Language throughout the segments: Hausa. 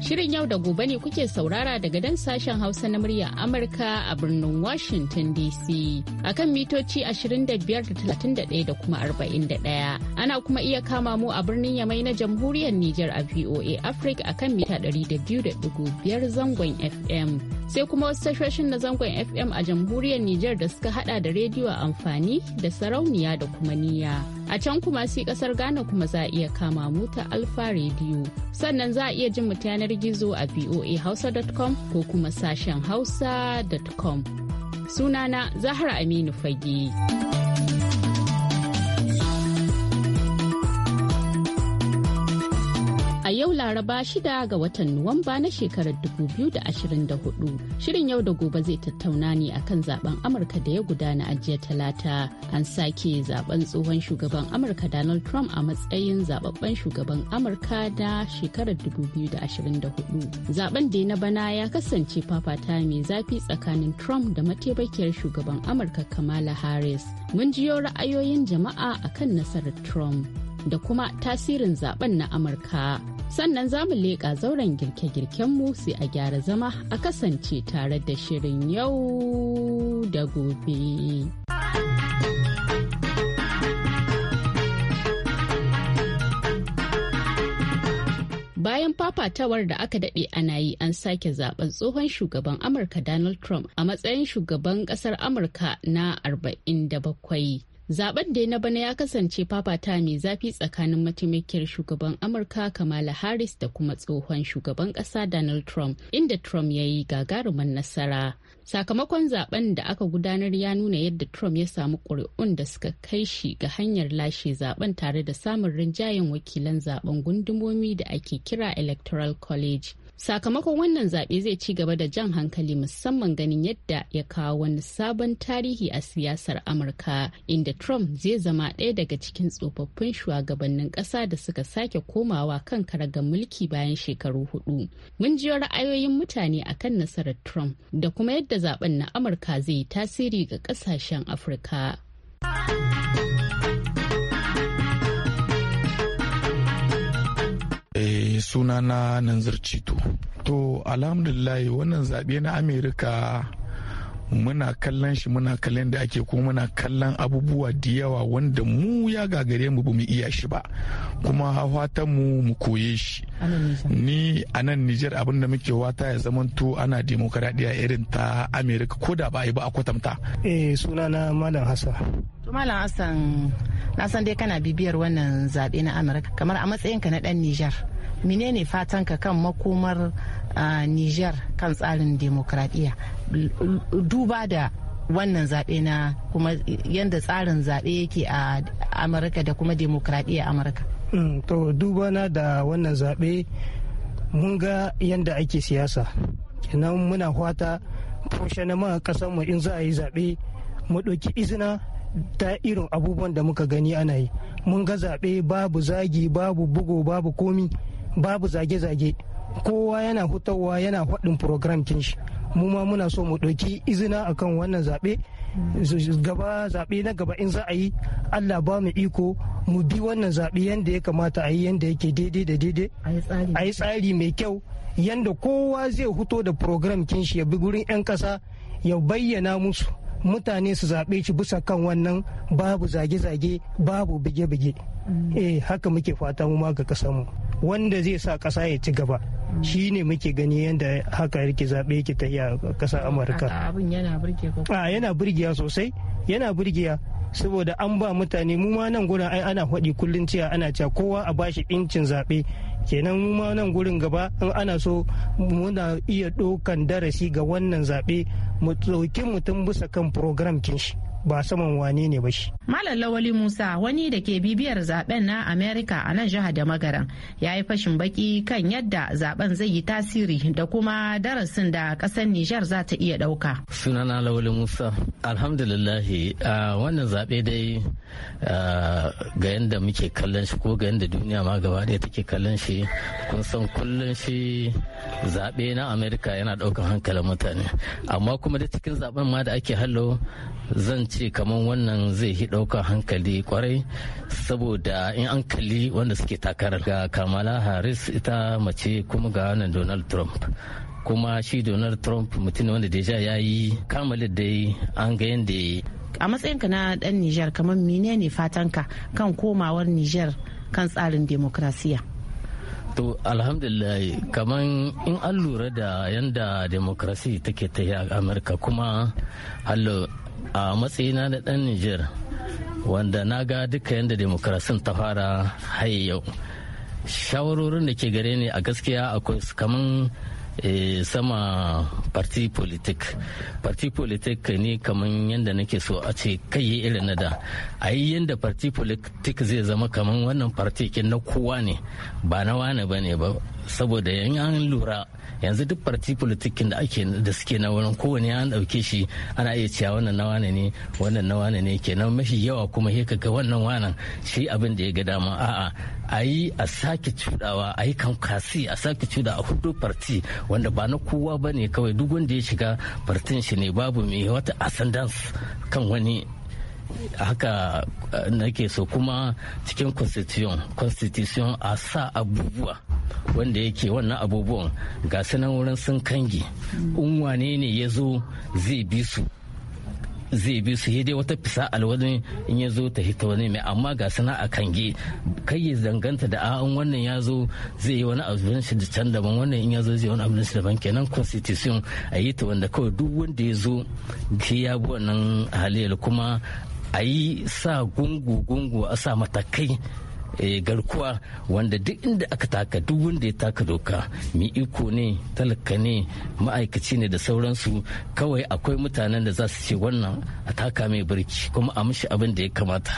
Shirin yau da gobe ne kuke saurara daga dan sashen Hausa na murya Amurka a birnin Washington DC a kan mitoci 25.31 da kuma 41. Ana kuma iya kama mu a birnin Yamai na Jamhuriyar Nijar a VOA Africa a kan mita 200.5 zangon FM. Sai kuma wasu tashoshin na zangon FM a Jamhuriyar Nijar da suka hada da rediyo amfani da sarauniya da kuma niya. A can kuma si kasar Ghana kuma za a iya kama mu ta Alfa Radio. Sannan za a iya jin mu ta yanar gizo a voahausa.com ko kuma sashen hausa.com. Sunana Zahra Aminu Fage. yau Laraba shida ga watan Nuwamba na shekarar 2024. Shirin yau da gobe zai tattauna ne akan zaben Amurka da ya gudana a jiya talata. An sake zaben tsohon shugaban Amurka Donald Trump a matsayin zababben shugaban Amurka da shekarar 2024. Zaben da na bana ya kasance fafata mai zafi tsakanin Trump da mataimakiyar shugaban Amurka Kamala Harris. Mun jiyo ra'ayoyin jama'a akan nasarar Trump. da kuma tasirin zaben na Amurka. Sannan za mu leƙa zauren girke-girkenmu sai a gyara zama a kasance tare da shirin yau da gobe. bayan fafatawar da aka daɗe ana yi an sake zaben tsohon shugaban amurka donald trump a matsayin shugaban ƙasar amurka na 47 zaben da na bana ya kasance fafata mai zafi tsakanin mataimakiyar shugaban amurka kamala harris da kuma tsohon shugaban kasa donald trump inda trump ya yi gagarumin nasara sakamakon zaben da aka gudanar ya nuna yadda trump ya samu ƙuri'un da suka kai shi ga hanyar lashe zaben tare da samun rinjayen wakilan zaben gundumomi da ake kira electoral college Sakamakon wannan zaɓe zai ci gaba da jan hankali musamman ganin yadda ya kawo wani sabon tarihi a siyasar Amurka inda Trump zai zama ɗaya daga cikin tsofaffin shugabannin ƙasa da suka sake komawa kan karagar mulki bayan shekaru hudu. Mun ji ra'ayoyin mutane akan nasarar Trump da kuma yadda zaben na Amurka zai yi tasiri ga ƙasashen Afirka. suna na nanzar cito to alhamdulillah wannan zaɓe na amerika muna kallon shi muna kallon da ake kuma muna kallon abubuwa da yawa wanda mu ya gagare mu bamu iya shi ba kuma fatan mu mu koye shi ni a nan Nijar abinda muke wata ya zamanto ana demokaradiyya irin ta Amerika ko da ba a yi ba a kwatanta eh suna na malam Hassan malam Hassan na san dai kana bibiyar wannan zabe na Amurka kamar a matsayinka na dan Nijar menene fatanka kan makomar niger kan tsarin demokradiyya duba da wannan zaɓe na kuma yadda tsarin zaɓe yake a amurka da kuma demokradiyya amurka hmm, to duba na da wannan zaɓe mun ga yadda ake siyasa kenan muna fata na ƙasar mu in za a yi zaɓe mu ɗauki izina ta irin abubuwan da muka gani ana yi mun ga zaɓe babu zagi babu bugo babu komi babu zage-zage kowa yana hutawa yana faɗin program kin shi mu ma muna so mu ɗauki izina akan wannan zaɓe gaba zaɓe na gaba in za a yi allah ba mu iko mu bi wannan zaɓe yadda ya kamata a yi yadda yake daidai da daidai a yi tsari mai kyau yadda kowa zai huto da program kin shi ya bi gurin 'yan ƙasa ya bayyana musu mutane su zaɓe shi bisa kan wannan babu zage-zage babu bige-bige mm. eh haka muke fata mu ma ga ƙasarmu. mu wanda zai sa ƙasa ya ci gaba shi ne muke gani yadda haka yake zaɓe yake ta iya ƙasar amurka a yana yana burgiya sosai yana burgiya saboda an ba mutane mu ma nan gurin ai ana faɗi kullun cewa ana cewa kowa a bashi incin zaɓe kenan mu ma nan gurin gaba in ana so muna iya ɗaukan darasi ga wannan zaɓe mu ɗauki mutum bisa kan program kin shi ba saman wane ne ba shi. Malam Lawali Musa wani da ke bibiyar zaben na Amerika a nan jihar da magaran ya yi fashin baki kan yadda zaben zai yi tasiri da kuma darasin da kasar Nijar za ta iya dauka. Sunana Lawali Musa, alhamdulillahi wannan zaɓe dai ga yadda muke kallon shi ko ga yadda duniya ma gaba ɗaya take kallon shi kun san kullum shi zaɓe na Amerika yana ɗaukar hankalin mutane amma kuma da cikin zaben ma da ake hallo zan ce kamar wannan zai hi ɗaukar hankali kwarai saboda in an kalli wanda suke takarar ga kamala harris ita mace kuma ga wannan donald trump kuma shi donald trump mutum wanda deja ya yi kamalin dai an ga yadda a matsayinka na dan niger kamar ne fatanka kan komawar niger kan tsarin demokrasiya to alhamdulillah kamar in an lura da yadda demokrasi take ta yi a amurka kuma a matsayina na ɗan nijar wanda na ga duka yadda demokrasin ta fara haye yau shawarorin da ke gare ni a gaskiya akwai kaman eh, sama parti politik parti politik ne kaman yadda nake so a ce kai irin na da a yi yadda parti politik zai zama kamar wannan partikin na kowa ne ba na wane ba ne ba saboda yan an lura yanzu duk parti politikin da ake da suke na wurin kowane an dauke shi ana iya cewa wannan na wane ne wannan na wane ne kenan mafi yawa kuma he kaga wannan wanan shi abin da ya ga dama a'a a yi a sake cudawa a yi kankasi a sake cuda a hudu parti wanda ba na kowa ba ne kawai duk wanda ya shiga partin shi ne babu mai wata ascendance kan wani haka eh, nake so kuma cikin constitution constitution a sa abubuwa wanda yake wannan abubuwan ga sanan wurin sun kangi in wane ne ya zo zai bi su zai bi su dai wata fisa alwani in ya zo ta hita wani mai amma ga sana a kange kai ya danganta da a wannan ya zo zai yi wani abin shi can daban wannan in ya zo zai wani abin shi daban kenan constitution a yi ta wanda kawai duk wanda ya zo ya bi wannan halayyar kuma a yi sa gungu-gungu a sa matakai eh, garkuwa wanda duk inda aka taka duk wanda ya taka doka mi iko ne talaka ne ma'aikaci ne da sauransu kawai akwai mutanen da za su ce wannan a taka mai birki kuma a mishi abin da ya kamata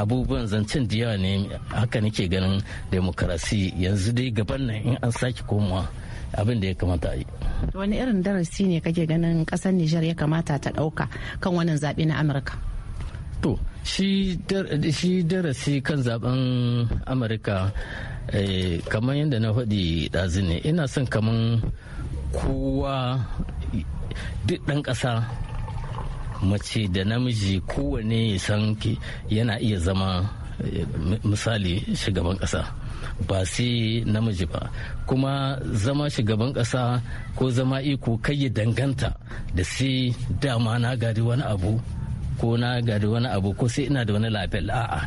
abubuwan zancen da yawa ne haka nake ganin demokarasi yanzu dai gaban nan in an sake komawa abin da ya kamata a yi wani irin darasi ne kake ganin kasar nijar ya kamata ta ɗauka kan wannan zaɓe na amurka to shi darasi kan zaben amurka eh, kamar yadda na faɗi ɗazu ne ina son kamar kowa duk ɗan ƙasa mace da namiji kowane ya san yana iya zama eh, misali shugaban ƙasa ba sai namiji ba kuma zama shugaban ƙasa ko zama iko kai ya danganta da sai dama na gari wani abu ko na ga da wani abu ko sai ina da wani label a'a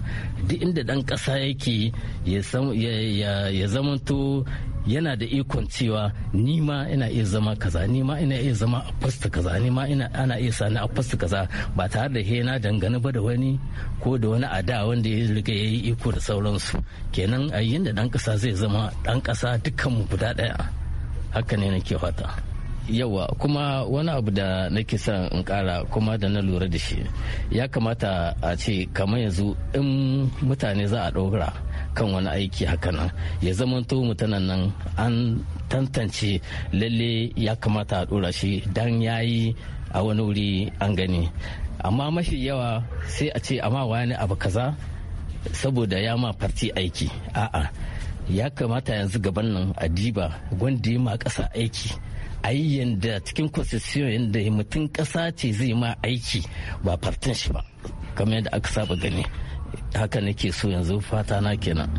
duk inda dan kasa yake ya zamanto yana da ikon cewa ni ma ina iya zama kaza ni ma ina iya zama a fasta kaza ni ma ina ana iya sani a fasta kaza ba tare da hena dangane ba da wani ko da wani ada wanda ya riga ya yi iko da sauransu kenan a da dan kasa zai zama dan kasa dukkan mu guda daya haka ne nake fata yawa kuma wani abu da nake son in kara kuma da na lura da shi ya kamata a ce kamar yanzu in mutane za a ɗora kan wani aiki hakanan ya zamanto mutanen nan an tantance lalle ya kamata a ɗora shi don yayi a wani wuri an gani amma mashi yawa sai a ce amma wani abu kaza saboda ya ma farti aiki a'a ya kamata yanzu gaban nan a diba gwanda ma ƙasa aiki a yi yadda cikin constitution yadda mutum ƙasa ce zai ma aiki ba fartin shi ba kamar yadda aka saba gani haka nake so yanzu fata na kenan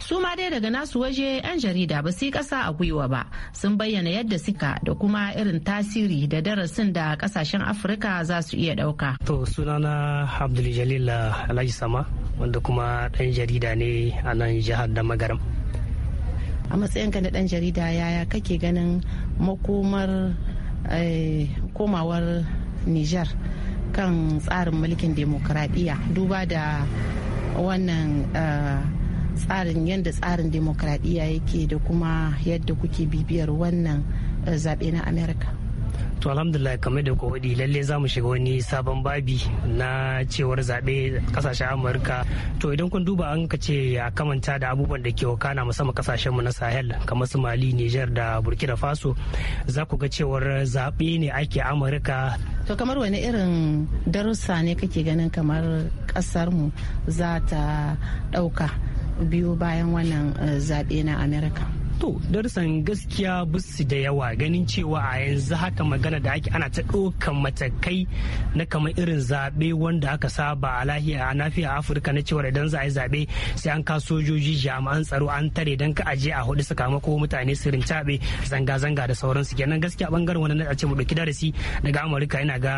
su ma dai daga nasu waje 'yan jarida ba su yi ƙasa a gwiwa ba sun bayyana yadda suka da kuma irin tasiri da darasin da kasashen afirka za su iya ɗauka. to sunana abdul jalil uh, alhaji sama wanda kuma ɗan jarida ne a nan jihar da magaram a matsayinka na ɗan jarida yaya kake ganin makomar eh, komawar niger kan tsarin mulkin demokradiyya duba da wannan eh, tsarin yadda tsarin demokradiyya yake da kuma yadda kuke bibiyar wannan eh, zaɓe na amerika to alhamdulillah kamar da kuwaɗi lalle za mu shiga wani sabon babi na cewar zaɓe ƙasashen amurka to idan kun duba an ka ce ya kamanta da abubuwan da ke wakana musamman ƙasashen mu na sahel kamar su mali niger da burkina faso za ku ga cewar zaɓe ne ake amurka to kamar wani irin darussa ne kake ganin kamar ƙasar mu za ta ɗauka biyu bayan wannan eh, zaɓe na amurka to darussan gaskiya busu da yawa ganin cewa a yanzu haka magana da ake ana ta ɗaukan matakai na kamar irin zaɓe wanda aka saba a lahiya a nafiya afirka na cewa idan za a yi zaɓe sai an ka sojoji jami'an tsaro an tare don ka aje a hudu sakamako mutane su rincaɓe zanga-zanga da sauransu kenan gaskiya bangaren wani a ce mu ɗauki darasi daga amurka yana ga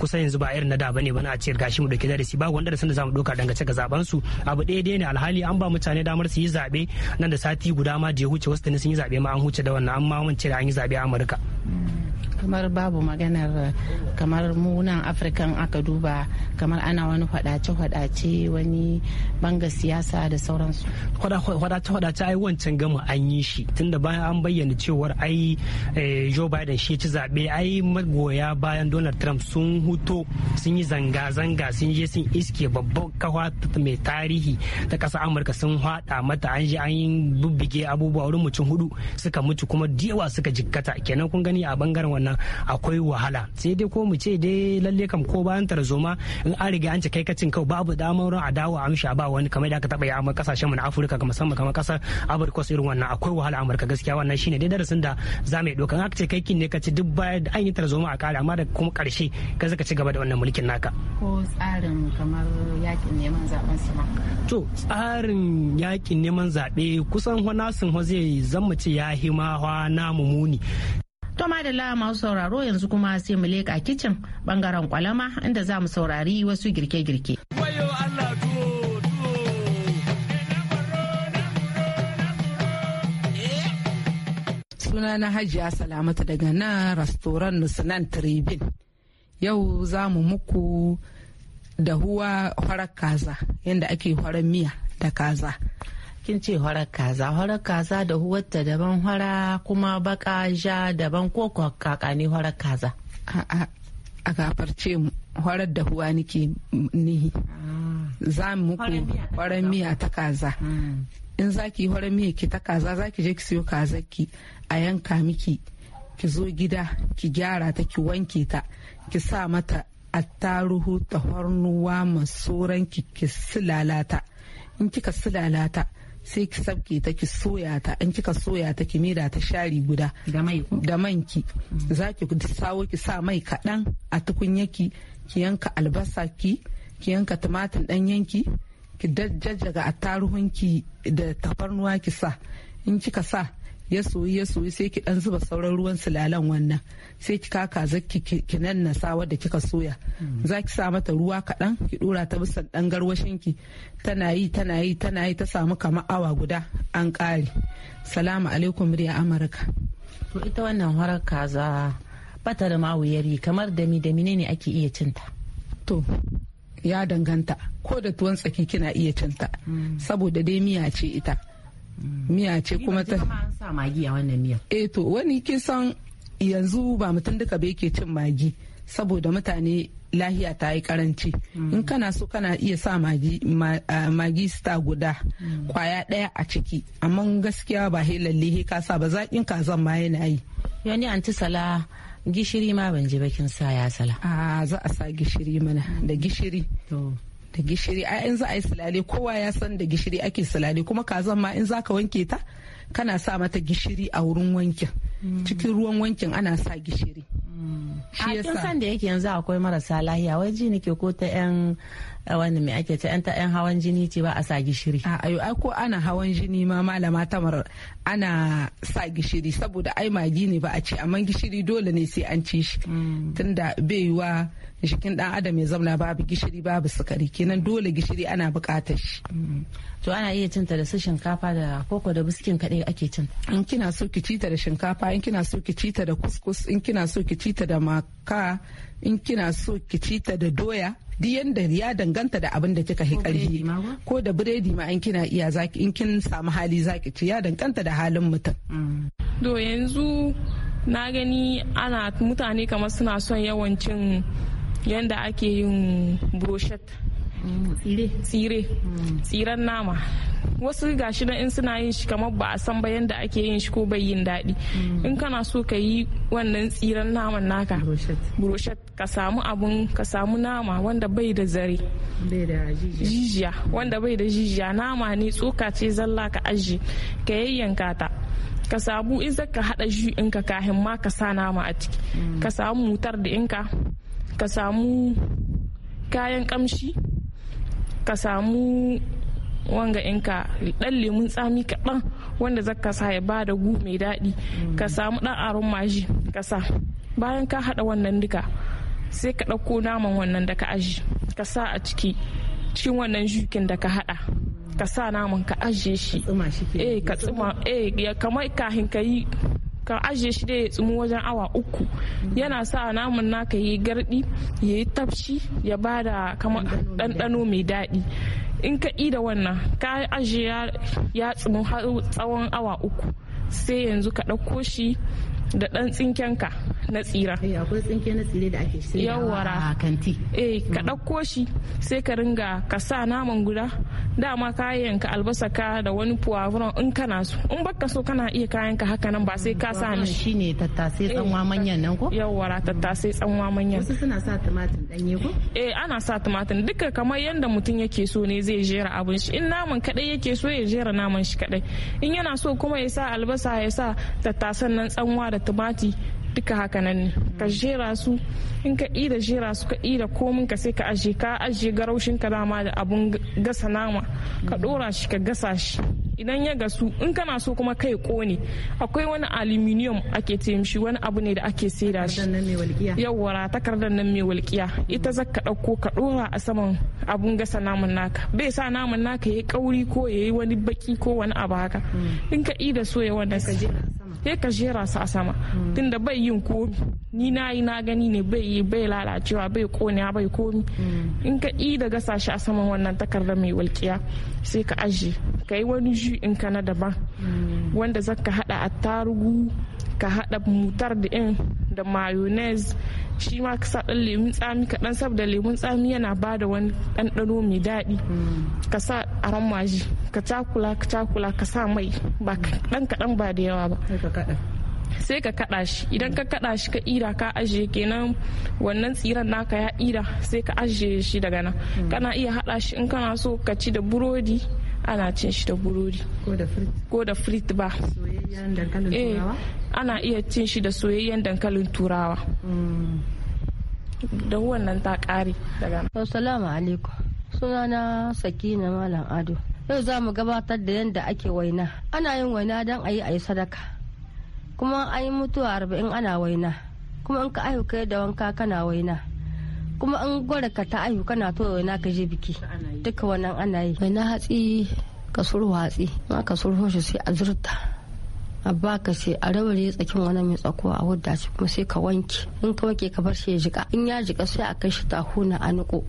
kusa yanzu ba irin na da bane bana a ce gashi mu ɗauki darasi ba wanda da sanda zamu ɗauka dangace ga zaben su abu ɗaya ne alhali an ba mutane damar su yi zaɓe nan da sati guda ma da huce wasu tuni sun yi zaɓe ma an huce da wannan amma mun ce da an yi zaɓe a amurka kamar babu maganar kamar munan nan afirkan aka duba kamar ana wani fadace-fadace wani banga siyasa da sauransu fadace-fadace ai wancan gama an yi shi tunda bayan an bayyana cewar ai eh, joe biden shi ci zaɓe ai magoya bayan donald trump sun huto sun yi zanga-zanga sun je sun iske babban kawa mai tarihi ta ƙasar amurka sun haɗa mata an je an yi bubbuge abubuwa wurin mutum hudu suka mutu kuma yawa suka jikkata kenan kun gani a bangaren wannan nan akwai wahala sai dai ko mu ce dai lalle kam ko bayan tarzoma in an riga an ce kai kacin kau babu damar a dawo a amsha ba wani kamar da aka taba yi a kasashen mu na Afirka kamar musamman kamar kasar Abirkos irin wannan akwai wahala Amurka gaskiya wannan shine dai darasin da za mu yi dokan aka ce kai kin ne ka ci duk baya da an yi tarzoma a kare amma da kuma karshe ka zaka ci gaba da wannan mulkin naka ko tsarin kamar yakin neman zaben su to tsarin yakin neman zabe kusan hwanasin sun zai zama ce ya hima hwa namu muni To madalla masu sauraro yanzu kuma sai mu leka kicin bangaren kwalama inda za mu saurari wasu girke-girke. Suna na hajiya salamatu daga nan restoran Nusunan Tribin. Yau za mu muku da huwa farar kaza yadda ake kwarar miya da kaza. kin ce horar kaza horar kaza da huwarta daban hora kuma baka ja daban ko kaka ne horar kaza a gafarce mu horar da huwa nake nihi za mu muku horar miya ta kaza hmm. in za ki horar miya ki ta kaza za ki je ki siyo kazar ki a yanka miki ki zo gida ki gyara ta ki wanke ta ki sa mata attaruhu ta hornuwa masoran ki ki silalata in kika silalata sai ki sabke ta ki soya ta in kika soya ta ki mira ta shari guda da man ki za ki sawo ki sa mai kaɗan a tukunyaki ki yanka albasa ki ki yanka tumatir ɗanyanki ki jajjaga a ki da tafarnuwa ki sa in kika sa ya soyi ya soyi sai ki dan zuba sauran ruwan sulalan wannan sai ki kaka zaki ki nannasa wadda kika soya mm. za ki sa mata ruwa kaɗan ki dora ta bisan dan garwashin ki tana yi tana yi tana yi ta samu kamar awa guda an kare salamu alaikum riya amurka to ita wannan horar kaza bata da mawuyari kamar dami dami ne ake iya cinta to ya danganta ko da tuwon tsaki kina iya cinta mm. saboda dai miya ce ita miya ce kuma ta sa magi a wannan miya eh to wani kisan yanzu ba mutum duka ba yake cin magi saboda mutane lahiya ta yi karanci hmm. in kana so kana iya sa magi magi star guda hmm. kwaya daya a ciki amma gaskiya ba he lalle he ka sa ba zakin kazan ma yana yi yani anti sala gishiri ma ban je bakin sa ya sala a za a sa gishiri mana da gishiri da gishiri a yanzu a yi sulale kowa ya san da gishiri ake sulale kuma kazan ma in zaka wanke ta kana sa mata gishiri a wurin wankin mm. cikin ruwan wankin ana sa gishiri mm. a kin san da yake yanzu akwai marasa lahiya wai ji nake ko ta yan eh, wani mai ake ta yan ta yan hawan jini ce ba a sa gishiri a ayo ai ko ana hawan jini ma malama tamar ana sa gishiri saboda ai magi ne ba a ci amma gishiri dole ne sai an ci shi mm. tunda bai yiwa jikin dan adam ya zauna babu gishiri babu sukari kenan dole gishiri ana bukatar shi to ana iya cinta da su shinkafa da koko da biskin kadai ake cin in kina so ki cita da shinkafa in kina so ki cita da kuskus in kina so ki cita da maka in kina so ki cita da doya duk yanda ya danganta da abin da kika karhi ko da biredi ma in kina iya zaki in kin samu hali zaki ci ya danganta da halin mutum do yanzu na gani ana mutane kamar suna son yawan cin yadda ake yin brochet tsire hmm. tsiren nama wasu gashi na in suna yin shi kamar ba a san ba yadda ake yin shi ko bai yin daɗi hmm. in kana so ka yi wannan tsiren naman naka brochet ka samu abun ka samu nama wanda bai da zare jijiya wanda bai da jijiya nama ne tsoka ce zalla ka aji ka yayyanka ta ka samu in ka hada shi in ka kahin ma ka sa nama a ciki hmm. ka samu mutar da inka ka samu kayan kamshi ka samu wanga inka dan lemun tsami kaɗan wanda zaka sa ya ba da gu mai daɗi ka samu ɗan aron maji ka sa bayan ka haɗa wannan duka sai ka ɗauko naman wannan da ka aji ka sa a ciki cikin wannan jukin da ka haɗa ka sa naman ka ajiye shi eh ka tsuma eh kamar kahin ka yi ka ajiye shi da ya tsumu wajen awa uku yana sa namun naka yi garɗi ya yi tafshi ya ba da kamar ɗanɗano mai daɗi in ka da wannan ka ajiye ya tsumu har tsawon awa uku sai yanzu ka ɗauko shi da dan tsinken ka na tsira eh, akwai tsinke na tsire da ake a kanti eh ka dauko mm. shi sai ka ringa ka sa naman guda dama kayan ka albasa ka da wani puwavuron in kana so in baka so kana iya kayan ka haka nan ba sai ka sa ni shine tattasai eh, tsanwa manyan nan ko yawara tattasai tsanwa manyan wasu suna sa tumatir danye ko eh ana sa tumatir duka kamar yanda mutum yake so ne zai jera abin shi in naman kadai yake so ya jera naman shi kadai in yana so kuma ya sa albasa ya sa tattasan nan tsanwa da tumati duka haka nan ne ka jera su in ka ida jera su ka ida komin ka sai ka ajiye ka ajiye garaushin ka dama da abun gasa nama ka dora shi ka gasa shi idan ya gasu in kana so kuma kai kone akwai wani aluminium ake ce wani abu ne da ake saida shi yawwa takardar nan mai walƙiya ita za ka ɗauko ka ɗora a saman abun gasa namun naka bai sa namun naka ya yi kauri ko ya yi wani baki ko wani abu haka mm. in ka ida so wannan sai ka jera su a sama hmm. tunda bai yin komi ni na yi na gani ne bai yi bai lalacewa bai konewa bai komi hmm. in ka yi da gasa a saman wannan takarda mai walƙiya sai ka aje ka yi wani ju in ka na daban hmm. wanda ka hada attarugu ka hada mutar da in da mayonnaise shi ma ka sa dan lemun tsami kaɗan saboda lemun tsami yana ba da wani ɗanɗano mai daɗi ka sa aran maji ka cakula ka cakula ka sa mai ba dan kaɗan ba da yawa ba sai ka kada shi idan ka kada shi ka ira ka ajiye kenan wannan tsiran naka ya ira sai ka ajiye shi daga nan hmm. kana iya hada shi in kana so ka ci da burodi ana cin shi da burodi ko da frit ba eh, ana iya cin shi da soyayyen dankalin turawa hmm. da wannan ta kare daga nan assalamu alaikum sunana sakina malam ado yau za mu gabatar da yadda ake waina ana yin waina don a yi a yi sadaka kuma an yi mutuwa arba'in ana waina kuma in ka ahu da wanka kana waina kuma an gwada ka ta ahu kana to waina ka je biki duka wannan ana yi waina hatsi ka suru hatsi ma ka suru shi sai a zurta abba baka sai a rabare tsakin wani mai tsakuwa a wadda shi kuma sai ka wanke in ka wanke ka bar shi ya jika in ya jika sai a kai shi tahuna a niko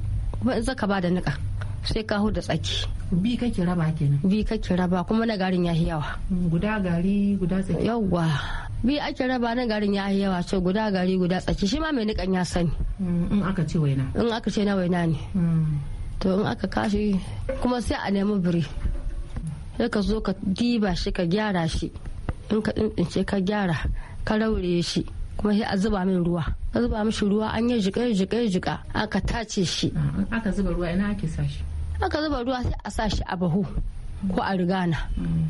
zaka ba da nika sai ka da tsaki bi kake raba kenan bi kake raba kuma na garin yahi yawa guda gari guda tsaki yawa bi ake raba na garin yahi yawa so guda gari guda tsaki shi ma mai nikan ya sani mm, in aka ce waina in aka ce na waina ne mm. to in aka kashi kuma sai a nemi biri sai ka zo ka diba shi ka gyara shi in ka tsintsince ka gyara ka raure shi kuma sai a zuba min ruwa a zuba mishi ruwa an yi jiƙa jiƙa jiƙa aka tace shi ah, aka zuba ruwa ina ake sa shi aka zuba ruwa sai a sa shi a bahu ko a rigana hmm.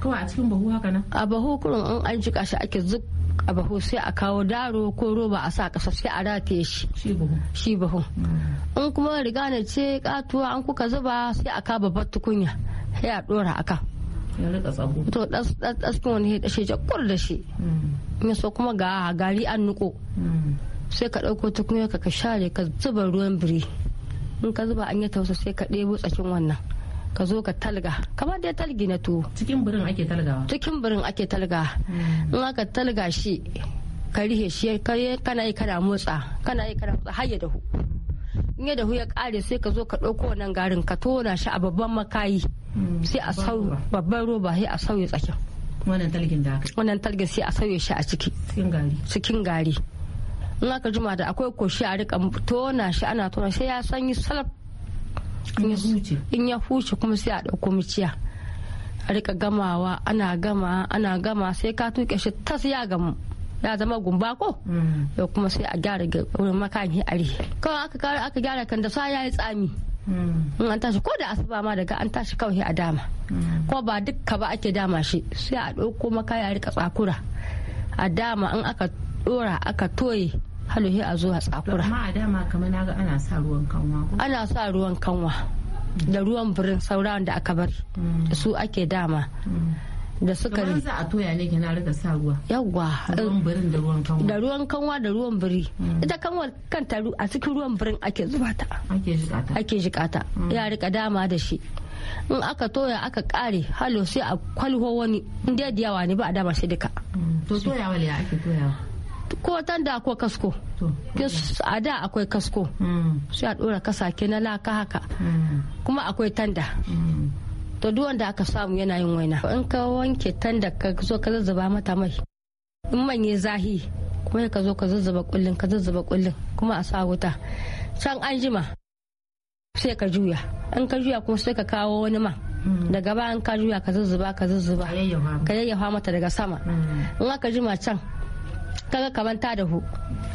kawai a cikin bahu haka nan a bahu kurum an an jiƙa shi ake zuk a bahu sai a kawo daro ko roba a sa ƙasa sai a rataye shi shi bahu hmm. in kuma rigana ce katuwa an kuka zuba sai a kaba babbar tukunya sai a dora akan rika to das wani ya shi jakkur da shi ya mm. so kuma ga gari an nuko mm. sai ka ɗauko tukunya ka ka share ka zuba ruwan biri in ka zuba an yi tausa sai ka ɗebo tsakin wannan ka zo ka talga kamar dai talgi na tuwo cikin birin ake talgawa cikin birin ake talga mm. in aka talga shi ka rihe shi kana yi kana motsa kana yi kana motsa har ya dahu in ya dahu ya kare sai ka zo ka ɗauko wannan garin ka tona shi a babban makayi Mm. sai a sauya babban roba sai a sauya tsakin wannan talgin da aka wannan talgin sai a sauya shi a ciki cikin gari in aka jima da akwai koshi a rika tona shi ana tona sai ya sanyi salaf in ya huce kuma sai a dauko miciya a rika gamawa ana gama ana gama sai ka tuke shi tas ya gamu ya zama gumba ko mm. ya kuma sai a gyara wurin makani a rihe kawai aka gyara kan da sa ya yi tsami in an tashi ko da asuba ma daga an tashi kawai a dama ko ba dukka ba ake dama shi sai a ɗauko maka ya rika tsakura a dama in aka ɗora aka toye halohi a zuwa tsakura amma a dama kamar naga ana sa ruwan kanwa ana sa ruwan kanwa da ruwan birin sauran da aka bar mm. su ake dama mm. da sukari za a toya ne na rika sa ruwa yawwa eh, da ruwan kanwa da ruwan kanwa da ruwan biri mm. ita kanwa kanta a cikin ruwan birin ake zuba ta ake jikata mm. ya rika dama da shi in aka toya aka kare halo sai a kwalho wani in da yawa ne ba a dama shi duka mm. to toyawa ne ake toyawa ko tanda ko kasko a da akwai kasko sai a dora kasake na laka haka kuma akwai tanda to duk wanda aka samu yana yin waina in ka wanke tan da ka zo ka zazzaba mata mai in manye zahi kuma ka zo ka zazzaba kullun ka zazzaba kullun kuma a sa wuta can an jima sai ka juya in ka juya kuma sai ka kawo wani ma mm. daga in ka juya ka zazzaba ka zazzaba. ka yayyafa mata daga sama mm. in aka jima can kaga kaman ta dahu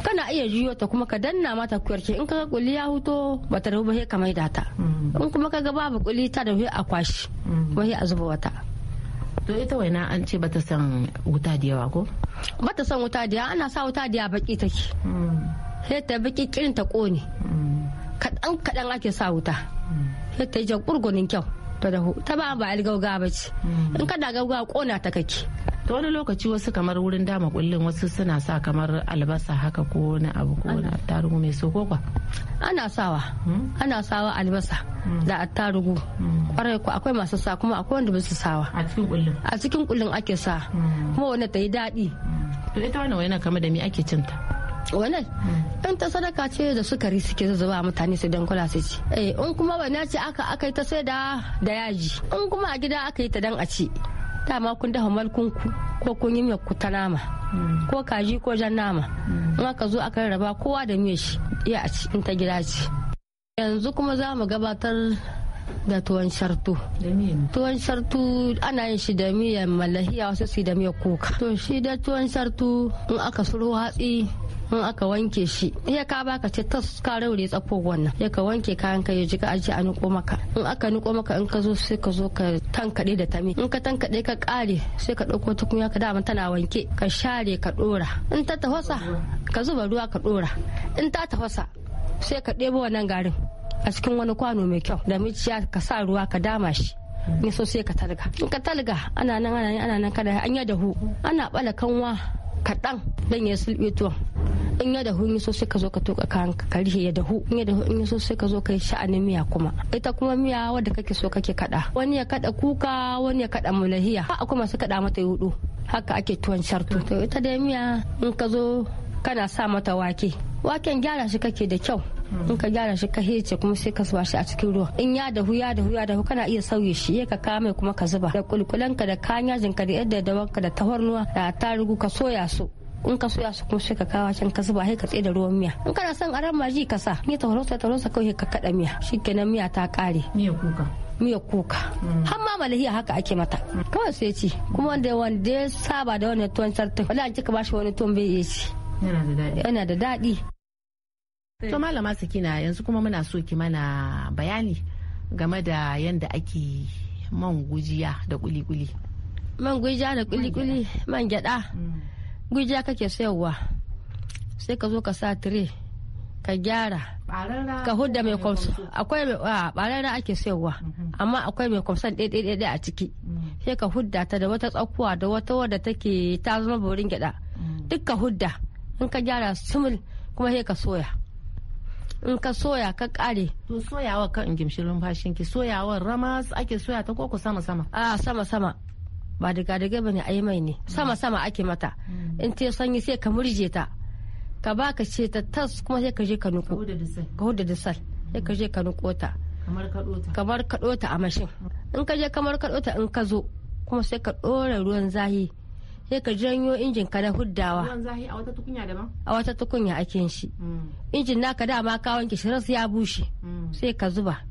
kana iya juyo ta kuma ka danna mata kuyarce in kaga kulli ya huto bata dahu ba sai ka maida ta mm. in kuma kaga babu kuli ta dahu a kwashi mm. ba sai a zuba wata to ita waina an ce bata son wuta da yawa ko bata son wuta da yawa ana sa wuta da yawa baki take sai mm. ta baki kirin ta kone kadan kadan ake sa wuta sai ta yi jan kurgunin kyau ta dahu ta ba ba algauga ba ce in kada gauga kona ta kake to wani lokaci wasu kamar wurin dama kullum wasu suna sa kamar albasa haka ko wani abu ko wani attarugu mai so ko ana sawa hmm? ana sawa albasa hmm. da attarugu hmm. kwarai ku akwai masu sa kuma akwai wanda ba su sawa a cikin kullum. a cikin kullum ake sa kuma wanda ta yi daɗi to ita wannan wani kamar da mi ake cinta wannan in ta sadaka ce da sukari suke zuba mutane su dan kula su ci eh in kuma wani ce aka aka yi ta sai da da yaji in kuma a gida aka yi ta dan a ci dama kun dafa malkunku ko kun yi ku ta nama mm. ko kaji ko jan nama mm. in aka zo aka raba kowa da miya shi iya a cikin ta gida ce yanzu kuma za mu gabatar da tuwon shartu tuwon shartu ana yin shi da miya malahiya wasu su da miya kuka to shi da tuwon shartu in aka suro hatsi in aka wanke shi iya ka baka ce tas ka raure tsafo wannan ya ka wanke kayan ka ya jika ka aje a niko maka in aka niko maka in ka zo sai ka zo ka tankade da tami in ka tankade ka kare sai ka dauko tukunya ka dama tana wanke ka share ka dora in ta tafasa ka zuba ruwa ka dora in ta tafasa sai ka ɗebo wannan garin a cikin wani kwano mai kyau da miciya ka sa ruwa ka dama shi ne so sai ka talga in ka talga ana nan ana nan ana nan kada an ya dahu ana bala kanwa kaɗan dan ya sulbe tuwon in ya dahu in so sai ka zo ka toka kan ka rihe ya dahu in ya dahu in so sai ka zo ka yi sha'anin miya kuma ita kuma miya wadda kake so kake kada wani ya kada kuka wani ya kada mulahiya a kuma su kada mata hudu. haka ake tuwon sharto to ita da miya in ka zo kana sa mata wake waken gyara shi kake da kyau Hmm. in ka gyara shi ka hece kuma sai ka zuba shi a cikin ruwa in ya dahu ya dahu ya dahu kana iya sauye shi ka kama kuma ka zuba da kulkulan ka da kayan yajin ka da yadda da wanka da tafarnuwa da tarugu ka soya su in ka soya su kuma sai ka kawo can ka zuba sai ka tsaye da ruwan miya in kana son aran maji ka sa ni tauro ta tauro kawai ka kada miya shikenan miya ta kare miya kuka miya kuka hmm. har ma malahiya haka ake mata hmm. kawai sai ci kuma wanda wanda saba da wannan tuwon sartin wala an ba bashi wani tuwon bai yi ci yana da daɗi Eh. To malama kina yanzu kuma muna so ki mana bayani game da yanda ake man gujiya da kuli-kuli. Man gujiya da kuli-kuli man gyada. Mm. Gujiya kake sayarwa sai ka zo ka sa tire ka gyara ka hudda mai kwamson akwai barara ake sayarwa mm-hmm. amma akwai mai kwamsan ɗaiɗaiɗaiɗai a ciki mm. sai ka hudda ta da wata tsakuwa da wata wadda take ta zama borin gyada mm. duk ka hudda in ka gyara sumul kuma sai ka soya in ka soya ka kare to soyawa kan in gimshi lumfashin ki soyawa rama ake soya ta koko sama sama a sama sama ba daga daga bane ai mai ne sama sama ake mata mm. in te sanyi sai ka murje ta ka ba ka ce ta tas kuma sai ka je ka nuko ka huda da sal sai ka je ka nuko ta kamar kaɗo ta a mashin in ka je kamar kaɗo ta in ka zo kuma sai ka dora ruwan zahi sai ka janyo injin ka na huddawa a wata tukunya a wata shi hmm. injin naka dama ka wanke shi ras ya bushe hmm. sai ka zuba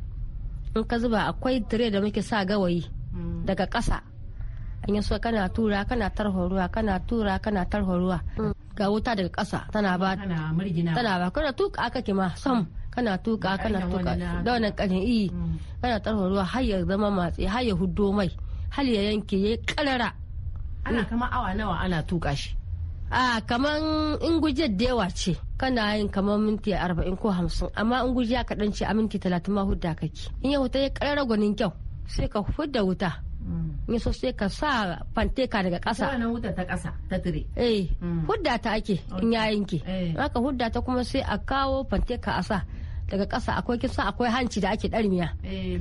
in ka zuba akwai tire da muke sa gawayi hmm. daga ƙasa in yaso kana tura kana tarho ruwa kana tura kana tarho ruwa ga wuta daga ƙasa tana ba tana ba kana tuka aka kima sam kana tuka kana tuka da wannan ƙarin iyi kana tarho ruwa har ya zama matsi har ya huddo mai har ya yanke ya karara ana kama awa nawa ana tuka shi a kaman in guje da yawa ce kana yin kamar minti arba'in ko hamsin amma in gujiya kaɗan ce a minti talatin ma hudda kake in ya wuta ya ƙarara gwanin kyau sai ka hudda wuta mm. in so sai ka sa fanteka daga ƙasa wannan wuta ta ƙasa ta tire eh mm. hudda ta ake in ya za haka eh. hudda ta kuma sai a kawo fanteka a sa daga ƙasa akwai kisa akwai hanci da ake ɗarmiya eh,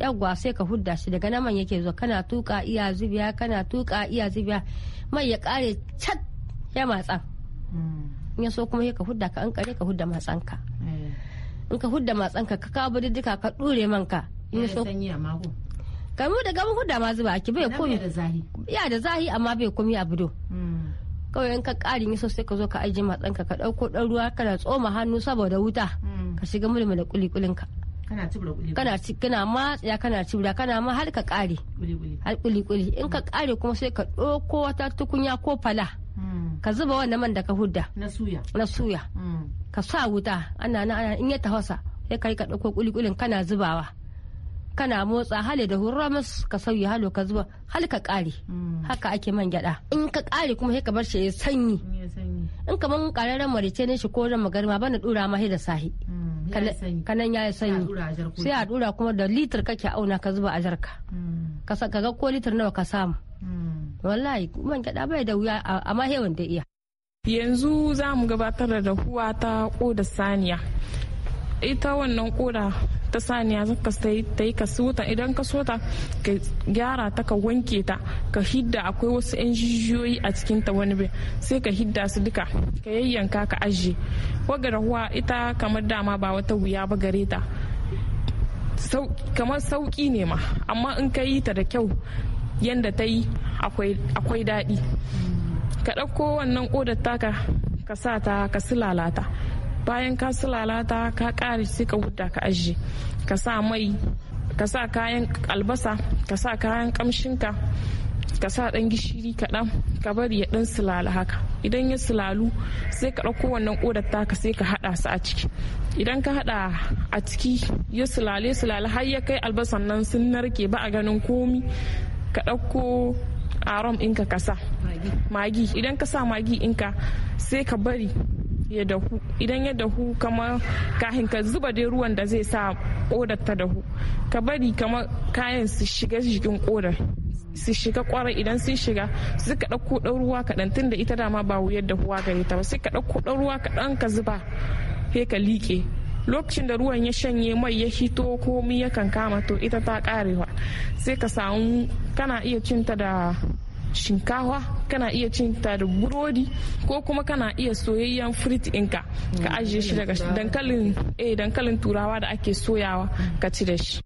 yawwa sai ka hudda shi daga naman yake zuwa kana tuka iya zubiya kana tuka iya zubiya mai ya ƙare cat ya matsa hmm. in ya so kuma ka hudda ka an kare ka hudda matsanka eh. in ka hudda matsanka ka kawo duka ka ɗure manka in ya eh, so kamu da gaban hudda ma zuba ake bai komi ya da zahi amma bai komi a bido hmm. kawai in ka ƙari yi sai ka zo ka ajiye matsanka ka ɗauko ɗan ruwa kana tsoma hannu saboda wuta hmm. ka shiga mulmula kulikulin ka kana cibra kana matsaya kana cibra kana ma har ka kare har kulikuli in ka kare kuma sai ka ɗauko wata tukunya ko fala hmm. ka zuba wannan man da ka hudda na suya na suya hmm. ka sa wuta ana na in ya tahosa sai ka rika ɗauko kulikulin kana zubawa kana motsa hali da hurramus ka sauya halo ka zuba har ka kare hmm. haka ake man gyada in ka kare kuma sai ka bar shi ya sanyi in kaman kararren marice ne shi ko ran magarma bana dura ma da sahi kanan ya yi sanyi sai a dura kuma da litir kake auna ka zuba a jarka mm. ka ga ko litir nawa ka samu mm. wallahi man gada bai da wuya amma hewan da iya yanzu za mu gabatar da huwa ta ko da saniya ita wannan koda ta saniya zaka ta yi idan ka sota ka gyara ta ka wanke ta ka hidda akwai wasu yan jijiyoyi a cikin ta wani bai sai ka hidda su duka ka yayyanka ka ajiye ruwa ita kamar dama ba wata wuya ba gare ta kamar sauki ne ma amma in ka yi ta da kyau yadda ta yi akwai daɗi ka ɗauko wannan ƙodar taka ka sa ta ka silalata bayan ka lalata ka kare sai ka huta ka ajiye ka sa mai ka sa kayan albasa ka sa kayan kamshinka ka sa dan gishiri kaɗan ka bari ya dan sulala haka idan ya sulalu sai ka ɗauko wannan ƙodar taka sai ka haɗa su a ciki idan ka haɗa a ciki ya sulale sulale har ya kai albasan nan sun narke ba a ganin komi ka ɗauko aron ɗinka ka sa magi idan ka sa magi ɗinka sai ka bari ya dahu idan ya dahu kamar kahin ka zuba dai ruwan da zai sa kodar ta dahu ka bari kamar kayan su shiga jikin kodar su shiga kwarai idan sun shiga su ka ɗauko ɗan ruwa kaɗan tun da ita dama ba wuyar dahuwa gare ta ba sai ka ɗauko ɗan ruwa kaɗan ka zuba sai ka liƙe lokacin da ruwan ya shanye mai ya hito komi ya kama to ita ta karewa sai ka samu kana iya cinta da shinkawa kana iya cin ta da burodi ko kuma kana iya soyayyen frit inka ka ajiye shi daga dankalin eh dankalin turawa da ake soyawa ka ci da shi.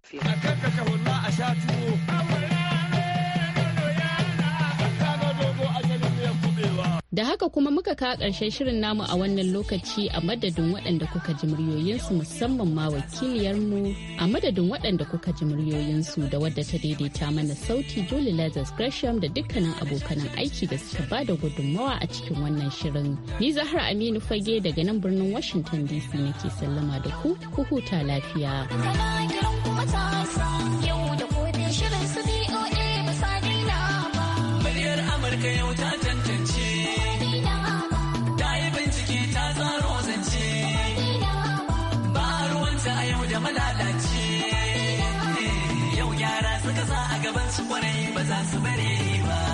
Da haka kuma muka kawo ƙarshen shirin namu a wannan lokaci a madadin waɗanda kuka ji muryoyinsu musamman ma wakiliyarmu a madadin waɗanda kuka ji muryoyinsu da wadda ta daidaita mana sauti Julie Lazarus Gresham da dukkanin abokanan aiki da suka ba da gudunmawa a cikin wannan shirin. Ni Zahra Aminu Fage daga nan birnin Washington DC nake sallama da ku, ku huta lafiya. lalace eh, yau yara suka sa a gaban su kwarai ba za su bare ba